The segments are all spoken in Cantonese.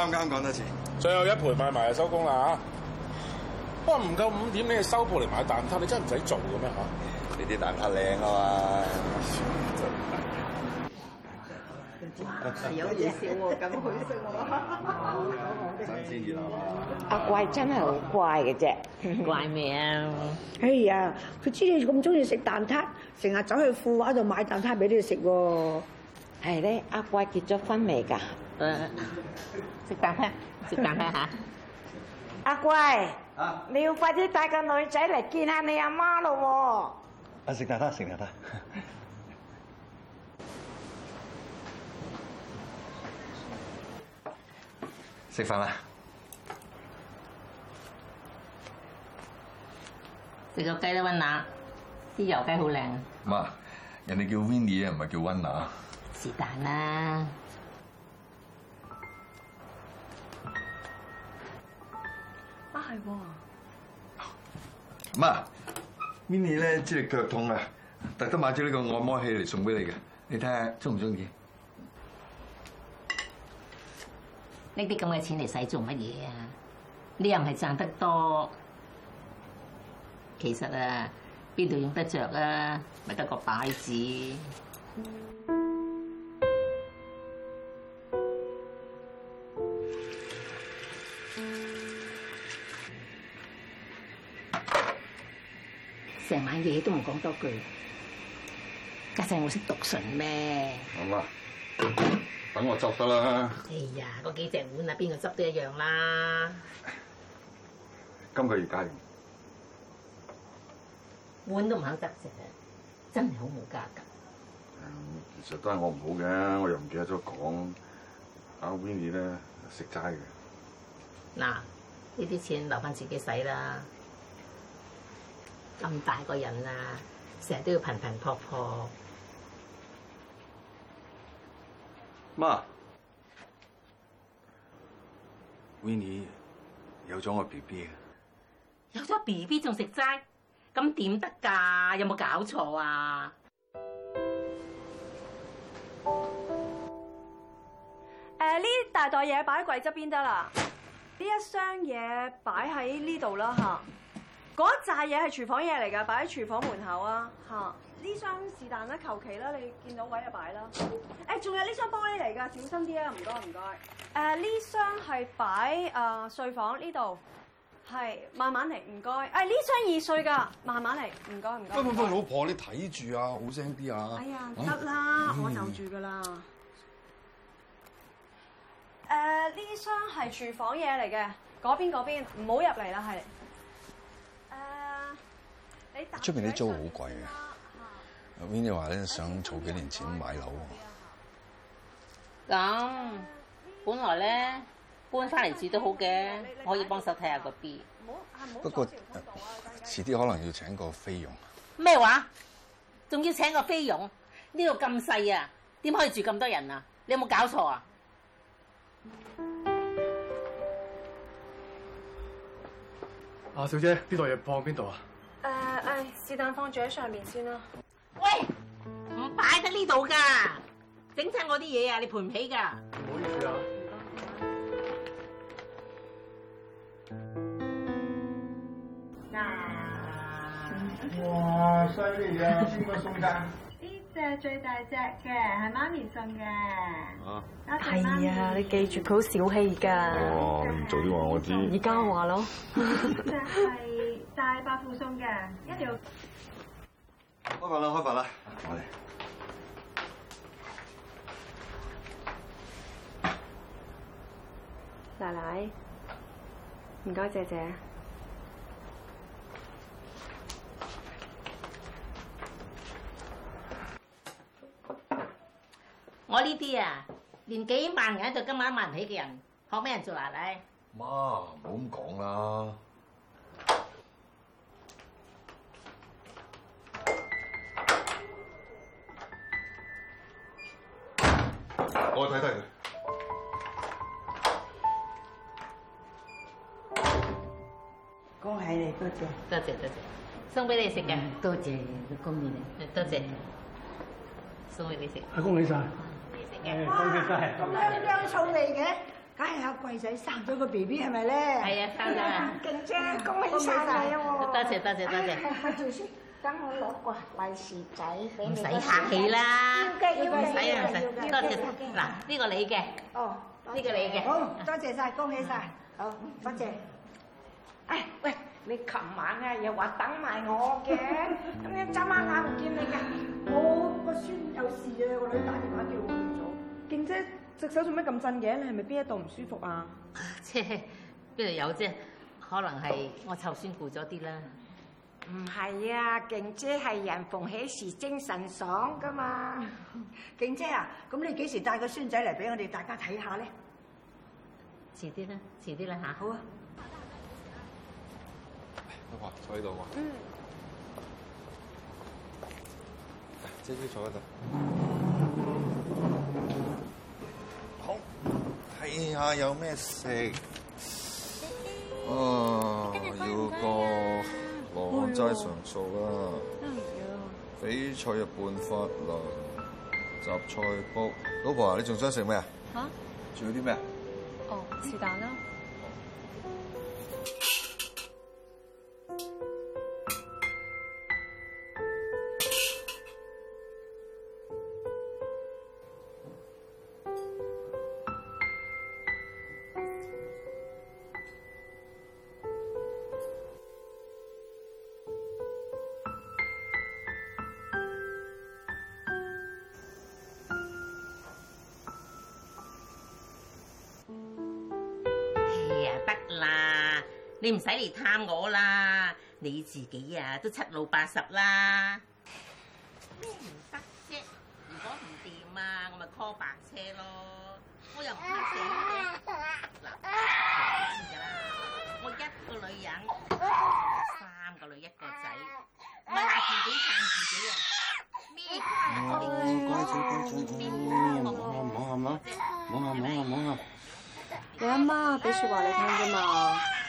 啱啱講多次，剛剛最後一盤賣埋就收工啦，不過哇，唔夠五點你收鋪嚟買蛋撻，你真係唔使做嘅咩嚇？呢啲蛋撻靚 啊嘛！有嘢笑我咁開心喎！阿貴真係好乖嘅啫，怪咩、 hey, 啊？哎呀，佢知你咁中意食蛋撻，成日走去富華度買蛋撻俾你食喎。係咧、 啊，阿貴結咗婚未㗎？ 食飯啦，食飯啦。吓，阿貴，你要快啲帶個女仔嚟見下你阿媽咯喎。食飯啦，食飯啦。食飯啦。食個雞啦，溫娜，啲油雞好靚。媽，人哋叫 Winnie 啊，唔係叫温娜。是但啦。啊、媽，Winnie 咧即係腳痛嘅，特登買咗呢個按摩器嚟送俾你嘅，你睇下中唔中意？呢啲咁嘅錢嚟使做乜嘢啊？你又唔係賺得多，其實啊，邊度用得着啊？咪得個擺字。嗯嘢都唔講多句，家陣我識讀唇咩？好啊，等我執得啦。哎呀，嗰幾隻碗啊，邊個執都一樣啦。今個月家完碗都唔肯執成，真係好冇格格、嗯。其實都係我唔好嘅，我又唔記得咗講。阿 Winnie 咧食齋嘅。嗱，呢啲錢留翻自己使啦。咁大個人啊，成日都要頻頻撲撲。媽，Winnie 有咗我 BB 啊！有咗 BB 仲食齋，咁點得㗎？有冇搞錯啊？誒、呃，呢大袋嘢擺喺櫃側邊得啦，呢一箱嘢擺喺呢度啦嚇。嗰一紮嘢係廚房嘢嚟噶，擺喺廚房門口啊！吓，呢箱是但啦，求其啦，你見到位就擺啦。誒、哎，仲有呢箱玻璃嚟噶，小心啲啊！唔該唔該。誒，呢、呃、箱係擺誒睡房呢度，係慢慢嚟，唔該。誒，呢箱易碎噶，慢慢嚟，唔該唔該。唔好唔好，老婆你睇住啊，好聲啲啊！哎呀，得啦，啊、我就住噶啦。誒、嗯，呢、呃、箱係廚房嘢嚟嘅，嗰邊嗰邊，唔好入嚟啦，係。出邊啲租好貴啊，Winnie 話咧想儲幾年錢買樓。咁本來咧搬翻嚟住都好嘅，可以幫手睇下個 B。不過遲啲、啊，可能要請個菲傭。咩話？仲要請個菲傭？呢度咁細啊，點可以住咁多人啊？你有冇搞錯啊？阿、啊，小姐，呢度嘢放邊度啊？是但放住喺上面先啦。喂，唔擺喺呢度噶，整親我啲嘢啊，你賠唔起噶。唔好意思啊。嗱、啊，哇，犀利嘅，邊個送噶？呢隻 最大隻嘅，係媽咪送嘅。哦、啊，係啊，你記住佢好小氣噶。哦，你唔早啲話我知。而家話咯。就係。大伯附送嘅一條。開飯啦！開飯啦！我嚟。奶奶，唔該，姐姐。我呢啲啊，連幾萬人都今晚買唔起嘅人，學咩人做奶奶？媽，唔好咁講啦。我睇睇，恭喜你。多謝多謝多謝，送俾你食嘅。多謝，恭喜你。多謝，送俾你食。阿、啊、恭喜曬。多謝曬。咁你點解好醋味嘅？梗係阿貴仔生咗個 B B 係咪咧？係啊，生咗！啊。勁姐，恭喜曬啊！多謝多謝多謝。哎等我攞個利是仔俾你，唔使客氣啦，使唔使，多謝。嗱，呢個你嘅，哦，呢個你嘅，好多謝晒，恭喜晒。好，多謝。唉，喂，你琴晚咧又話等埋我嘅，咁樣眨下眼，唔見你㗎？我個孫有事啊，個女打電話叫我去做。勁姐隻手做咩咁震嘅？你係咪邊一度唔舒服啊？即係邊度有啫？可能係我頭先攰咗啲啦。唔係啊，勁姐係人逢喜事精神爽噶嘛。 勁姐啊，咁你幾時帶個孫仔嚟俾我哋大家睇下咧？遲啲啦，遲啲啦，嚇，好啊。好，華坐喺度啊。嗯。姐姐坐喺度。好，睇下有咩食。哦，要個。.我齋常數啦，翡翠入半發啦，雜菜煲。老婆啊，你仲想食咩啊？啊？仲有啲咩？哦，是但啦。嗯你唔使嚟探我啦，你自己啊都七老八十啦。咩唔得啫？如果唔掂啊，我咪 call 白車咯。我又唔怕死嘅。嗱，我一個女人，三個女一個仔，咪話自己讚自己。咪我哋講咗講咗，我唔講啊！摸下摸下你阿媽俾說話你聽啫嘛。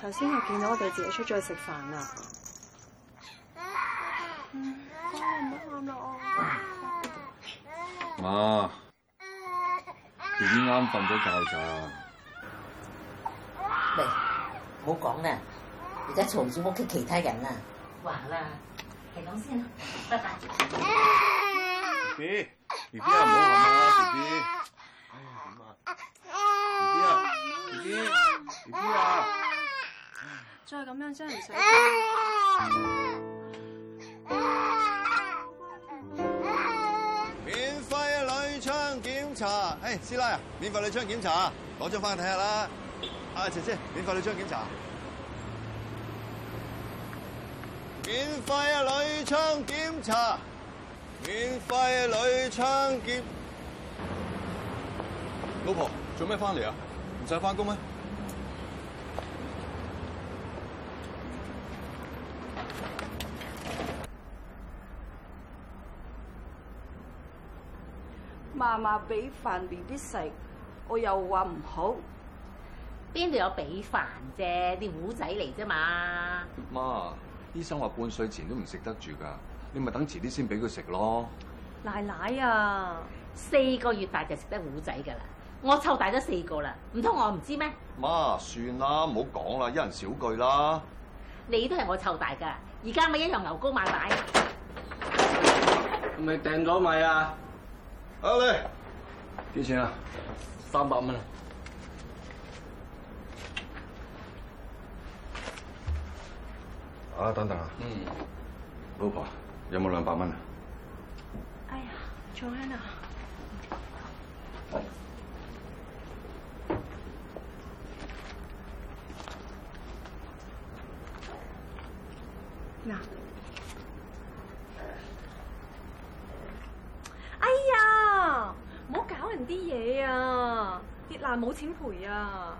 頭先我見到我哋自己出咗去食飯啦。唔得媽，弟弟啱瞓咗覺咋。喂，唔好講啦，而家嘈住屋企其他人啦。話啦，係咁先啦，拜拜。咦，弟弟唔好喊啦，弟弟。哎呀，點啊？弟弟啊，再咁樣真係唔使。免費鋁窗檢查，誒，師奶啊，免費鋁窗檢查，攞張翻去睇下啦。阿姐姐，免費鋁窗檢查。免費鋁窗檢查。免費鋁窗檢。老婆做咩翻嚟啊？唔使翻工咩？嫲嫲俾飯，BB 食，我又話唔好。邊度有俾飯啫？啲糊仔嚟啫嘛。媽，醫生話半歲前都唔食得住噶，你咪等遲啲先俾佢食咯。奶奶啊，四個月大就食得糊仔噶啦，我湊大咗四個啦，唔通我唔知咩？媽，算啦，唔好講啦，一人少句啦。你都係我湊大噶，而家咪一樣牛高馬大。 你係咪訂咗米啊！阿嘞點先啊？三百蚊啊，等等啊。嗯，老婆，有冇兩百蚊啊？哎呀，窮人啊？冇錢賠啊，啊！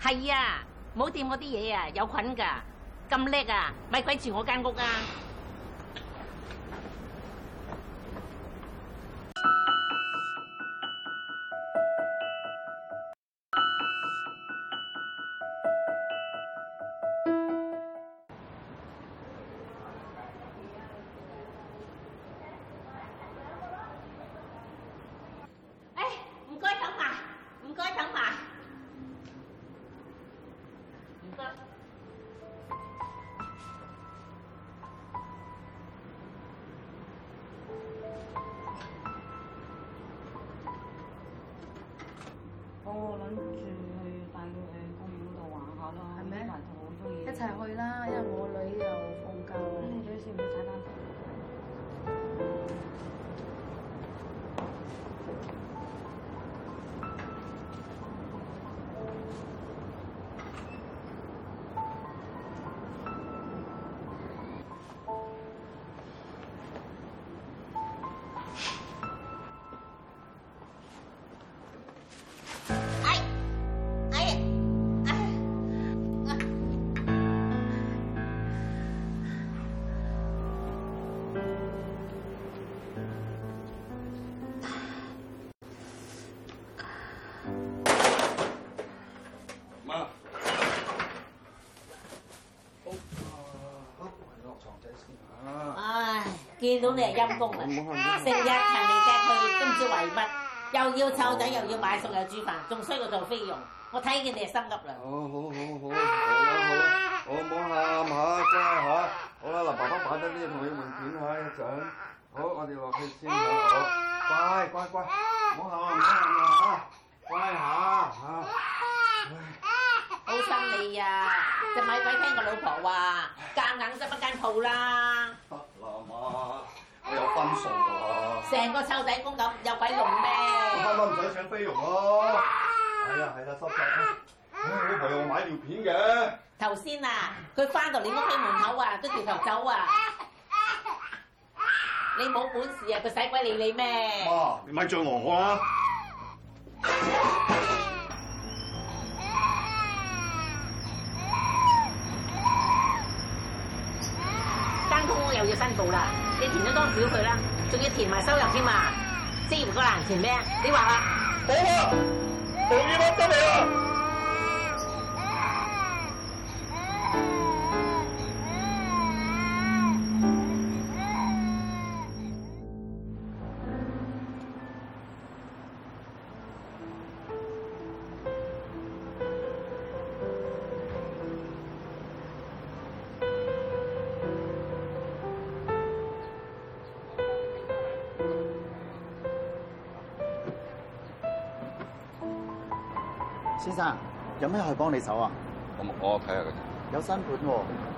係啊，冇掂我啲嘢啊，有菌㗎，咁叻啊，咪鬼住我間屋啊！見到你係陰公啦，成日騰嚟踢去都唔知為乜，又要湊仔又要買餸又要煮飯，仲衰過做菲傭，我睇見你係心急啦。哦，好，好，好，好啦，好啦，我摸下，摸下，揸下，好啦，嗱，爸爸擺得啲，我要問點下阿仔。好，我哋話佢先好唔好？乖，乖，乖，摸下，摸下，摸下，乖下，吓，好心你呀，只咪鬼聽個老婆話，夾硬執一間鋪啦。啊！我有分數喎！成個湊仔公咁，有鬼用咩？我今晚唔使請菲傭咯，啊哎。係啊係啊，收聲！我頭我買條片嘅。頭先啊，佢翻到你屋企門口啊，都掉頭走啊。你冇本事啊，佢使鬼理你咩？啊！你咪再望我啊！啦！到啦，你填咗多少佢啦，仲要填埋收入添嘛，失業個啦，填咩啊？你話啦，好啦，冇嘢攞出嚟啦。先生，有咩可以幫你手啊？我，我睇下佢。有新盤喎。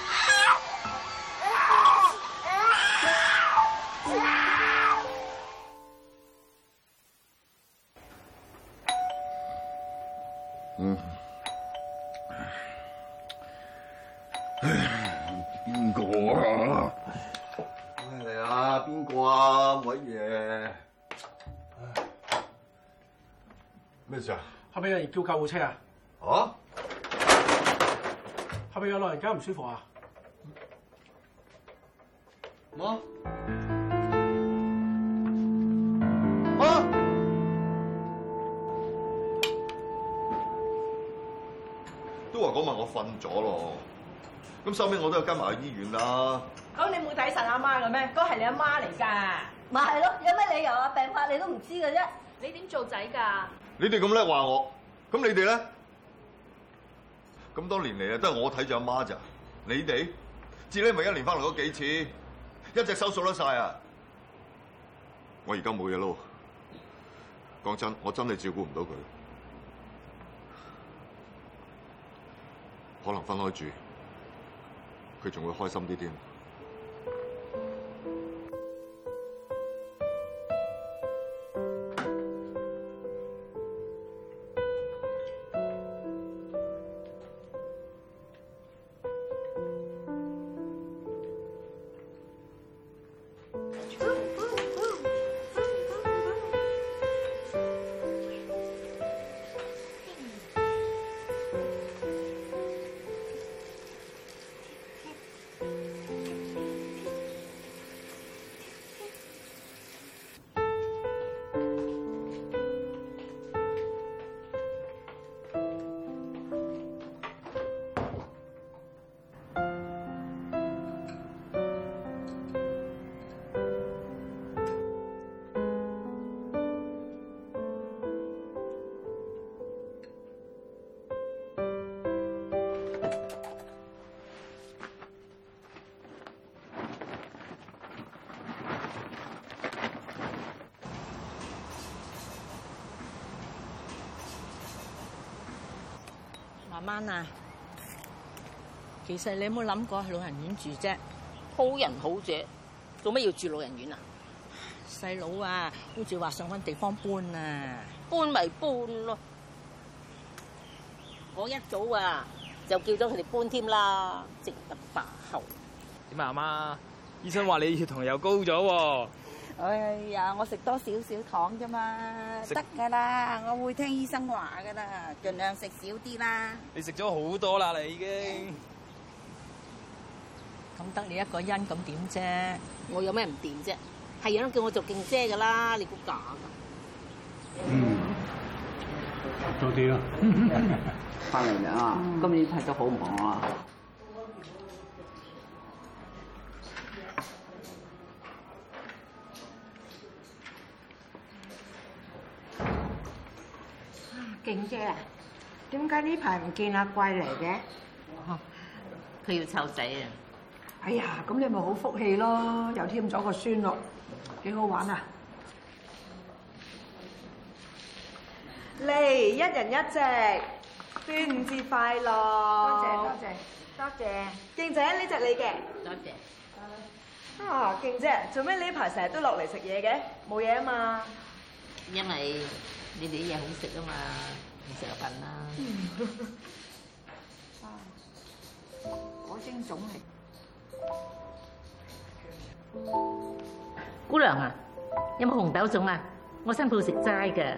叫救護車啊，啊！啊，係咪有老人家唔舒服啊？媽！媽！都話嗰晚我瞓咗咯，咁收尾我都有跟埋去醫院啦。咁你冇睇神阿媽嘅咩？嗰係你阿媽嚟噶，咪係咯？有咩理由啊？病發你都唔知嘅啫，你點做仔噶？你哋咁叻話我？咁你哋咧？咁多年嚟啊，都係我睇住阿媽咋？你哋，至你咪一年翻嚟咗幾次？一隻手數得晒啊！我而家冇嘢咯。講真，我真係照顧唔到佢，可能分開住，佢仲會開心啲添。媽啊，其實你有冇諗過去老人院住啫？好人好者，做咩要住老人院弟弟啊？細佬啊，好似話想搵地方搬啊，搬咪搬咯。我一早啊就叫咗佢哋搬添啦，只得把口。點啊，阿媽？醫生話你血糖又高咗喎。哎呀，我食多少少糖啫嘛，得噶啦，我會聽醫生話噶啦，盡量食少啲啦。你食咗好多啦，你已經。咁得 Okay. 你一個人咁點啫？麼我有咩唔掂啫？係人都叫我做勁姐噶啦，你估假。嗯，都掂。返嚟啊，今年睇得好忙啊。嗯嗯勁姐啊，點解呢排唔見阿貴嚟嘅？佢要湊仔啊！哎呀，咁你咪好福氣咯，又添咗個孫咯，幾好玩啊！嚟，一人一隻，端午節快樂！多謝多謝多謝，勁姐呢隻你嘅。多謝。啊，勁姐，做咩呢排成日都落嚟食嘢嘅？冇嘢啊嘛。因為。你哋啲嘢好食啊嘛，唔食又笨啦。啊、嗯，裹蒸粽係姑娘啊，有冇有紅豆粽啊？我新抱食齋嘅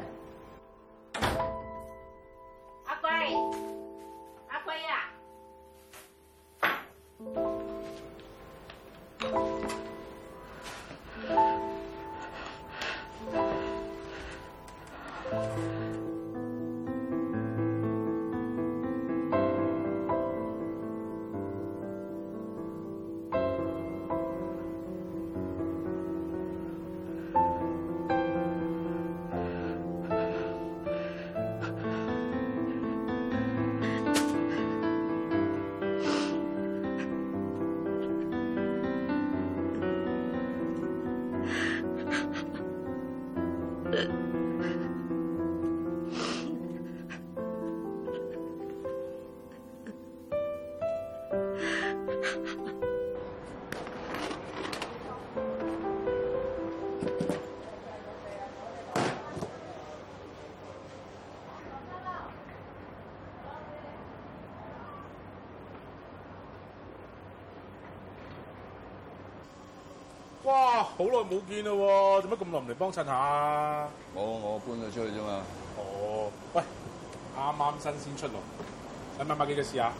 哇！好耐冇見咯，做乜咁耐唔嚟幫襯下？冇，我搬咗出去啫嘛。哦，喂，啱啱新鮮出爐，你買幾多試下。